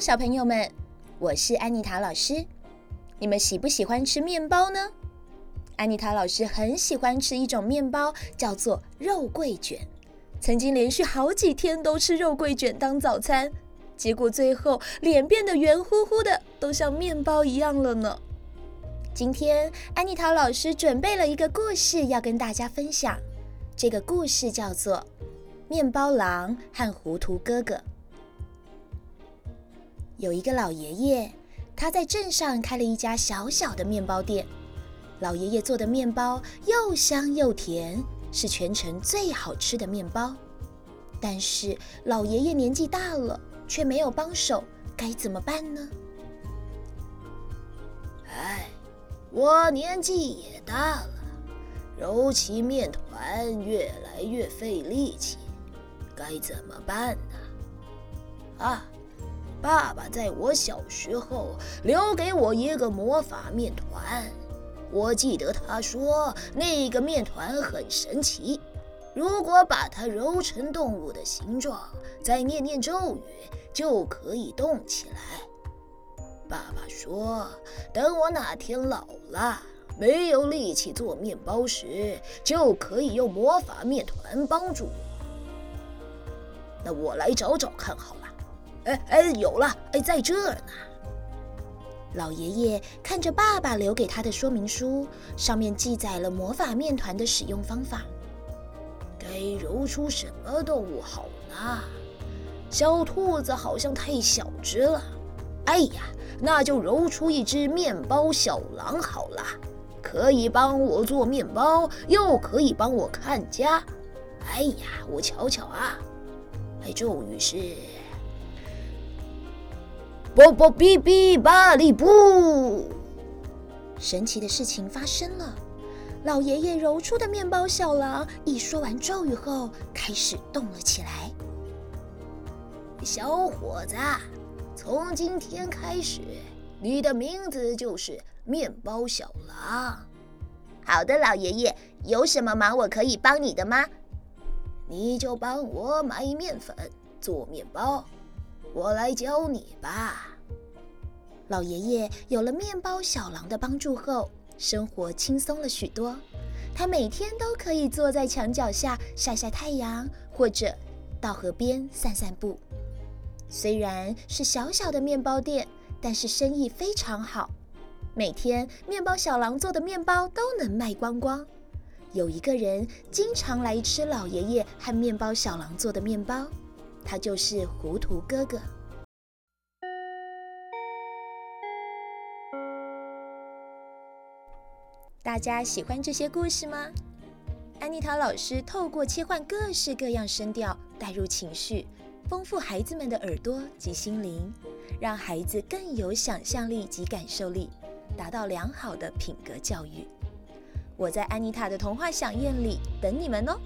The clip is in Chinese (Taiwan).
小朋友們，我是安妮塔老師。你們喜不喜歡吃麵包呢？安妮塔老師很喜歡吃一種麵包，叫做肉桂捲。曾經連續好幾天都吃肉桂捲當早餐，結果最後臉變得圓乎乎的，都像麵包一樣了呢。今天安妮塔老師準備了一個故事要跟大家分享，這個故事叫做《麵包狼和糊塗哥哥》。有一個老爺爺，他在鎮上開了一家小小的麵包店。老爺爺做的麵包又香又甜，是全城最好吃的麵包。但是老爺爺年紀大了，卻沒有幫手，該怎麼辦呢？哎，我年紀也大了，揉起麵糰越來越費力氣，該怎麼辦呢？啊！爸爸在我小時候留給我一個魔法麵團，我記得他說那個麵團很神奇，如果把它揉成動物的形狀，再念念咒語，就可以動起來。爸爸說，等我哪天老了，沒有力氣做麵包時，就可以用魔法麵團幫助我。那我來找找看好了。哎哎，有了！哎，在這兒呢。老爺爺看着爸爸留給他的說明書，上面記載了魔法麵糰的使用方法。該揉出什麼動物好呢？小兔子好像太小只了。哎呀，那就揉出一隻麵包小狼好了，可以幫我做麵包，又可以幫我看家。哎呀，我瞧瞧啊，哎，咒語是。波波嗶嗶巴利布，神奇的事情發生了。老爺爺揉出的麵包小狼，一說完咒語後，開始動了起來。小伙子，從今天開始，你的名字就是麵包小狼。好的，老爺爺，有什麼忙我可以幫你的嗎？你就幫我買麵粉，做麵包。我來教你吧。老爺爺有了麵包小狼的幫助後，生活輕鬆了許多。他每天都可以坐在牆角下曬曬太陽，或者到河邊散散步。雖然是小小的麵包店，但是生意非常好。每天麵包小狼做的麵包都能賣光光。有一個人經常來吃老爺爺和麵包小狼做的麵包。他就是糊塗哥哥。大家喜歡這些故事嗎？安妮塔老師透過切換各式各樣聲調，帶入情緒，豐富孩子們的耳朵及心靈，讓孩子更有想象力及感受力，達到良好的品格教育。我在安妮塔的童話饗宴裡等你們哦。